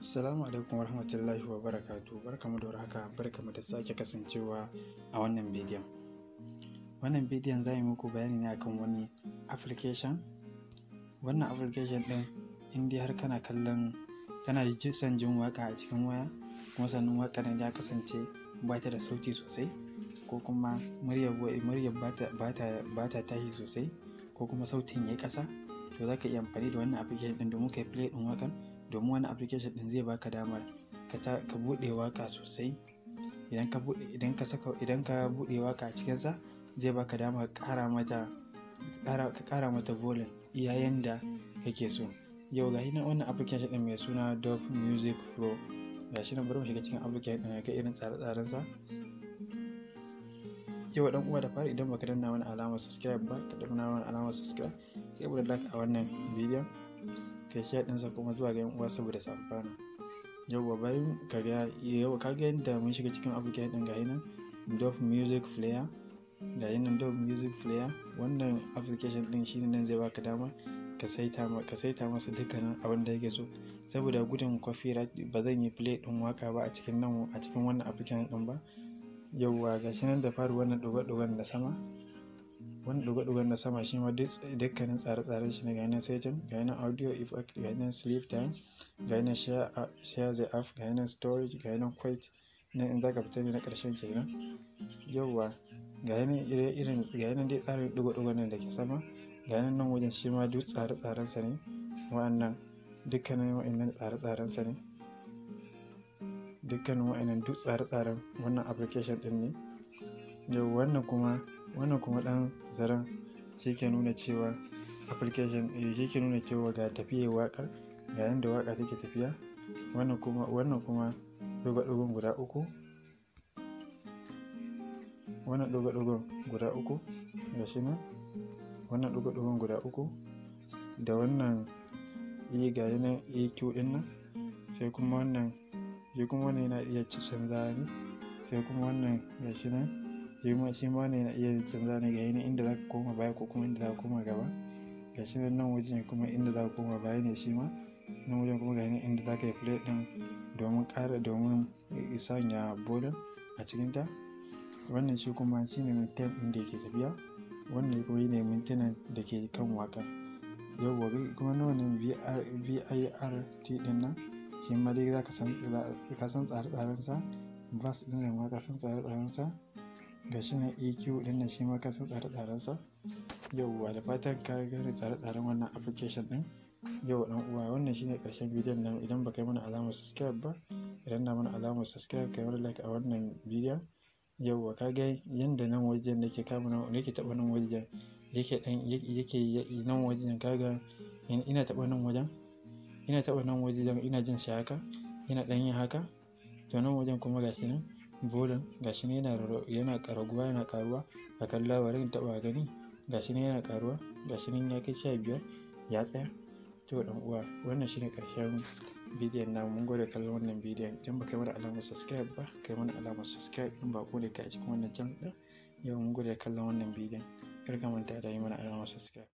Assalamu alaikum warahmatullahi wabarakatuh barkamu da warhaka barkamu da sake kasancewa a wannan bidiyon. Wannan bidiyon za yi muku bayani ne akan wani application. Wannan application ɗin in dai har kana kallon kana son jin waka a cikin waya kuma sannan waka ya kasance ba ta da sauti sosai ko kuma muryar muryar ba ta tashi sosai ko kuma sautin ya ƙasa to za ka iya amfani da wannan application ɗin domin ka yi play ɗin wakan domin wani application din zai baka damar ka buɗe waƙa sosai idan ka saka idan ka buɗe waƙa a cikinsa zai baka damar ƙara mata ka ƙara mata volume yayin da kake so yau ga nan wannan application din mai suna Dove Music Pro ga shi nan bari mu shiga cikin application din ga irin tsare tsaren sa yau dan uwa da fara idan baka danna wani alamar subscribe ba ka danna wani alamar subscribe sai mu da like a wannan bidiyon kai ɗinsa kuma zuwa ga uwa saboda su amfana ba bari ka ga yau ka ga yadda mun shiga cikin application ɗin ga nan dof Music Player ga dof Music Player wannan application ɗin shine nan zai baka dama ka saita masa dukkanin abin da yake so saboda gudun copyright ba zan yi play ɗin waka ba a cikin nan a cikin wannan application ɗin ba yauwa ga shi nan da faru wannan dogon-dogon da sama wani dugo-dugon na sama shi ma dukkanin tsare-tsaren shi na gainan setting gainan audio effect gainan sleep time gainan uh, share the app gainan storage gainan quite na in zaka fitar na karshen kenan yauwa gainan ire-iren gainan dai tsarin dugo nan da ke sama gainan nan wajen shi ma duk tsare-tsaren sa ne wa'annan dukkanin wa'annan tsare-tsaren sa ne dukkanin wa'annan duk tsare-tsaren wannan application din ne yau wannan kuma wannan kuma ɗan zaren shi ke nuna cewa application eh, shi ke nuna cewa ga tafiyar waƙar ga yadda waƙa take tafiya wannan kuma wannan kuma dogon guda uku wannan dogon guda uku ga shi nan wannan dogon guda uku da wannan yi eh, ga yi aq eh, din nan sai kuma wannan shi kuma wannan yana iya canza ne sai kuma wannan ga shi nan shi ma shi ma ne na iya canza ne ga yanayin inda za ka koma baya ko kuma inda za ka koma gaba ga shi nan wajen kuma inda za ka koma baya ne shi ma nan wajen kuma ga yanayin inda za ka yi plate ɗin domin ƙara domin sanya bolin a cikinta wannan shi kuma shi ne mintin ɗin da ke tafiya wannan kuma ne mintunan da ke kan waƙar yauwa kuma na wannan virt ɗin nan shi ma dai za ka san tsare-tsarensa vas ɗin nan ma ka san tsare-tsarensa ga shi nan EQ din nan shi ma ka san tsare-tsarensa yauwa da fatan ka gane tsare-tsaren wannan application din yau dan uwa wannan shine karshen bidiyon nan idan ba kai mana alamar subscribe ba idan na mana alamar subscribe kai mana like a wannan bidiyon yauwa ka ga yanda nan wajen nake kama nan nake taba nan wajen yake dan yake nan wajen kaga ina taba nan wajen ina taba nan wajen ina jin shi haka ina dan yin haka to nan wajen kuma gashi nan bolin gashi ne yana yana yana karuwa a kan labarin taɓa gani gashi ne yana karuwa gashi ne ya kai sha biyar ya tsaya to dan uwa wannan shine ƙarshen bidiyon na mun gode kallon wannan bidiyon idan ba kai mana alamar subscribe ba kai mana alamar subscribe in ba ne ka a cikin wannan channel din yau mun gode kallon wannan bidiyon kar ka manta da yi mana alamar subscribe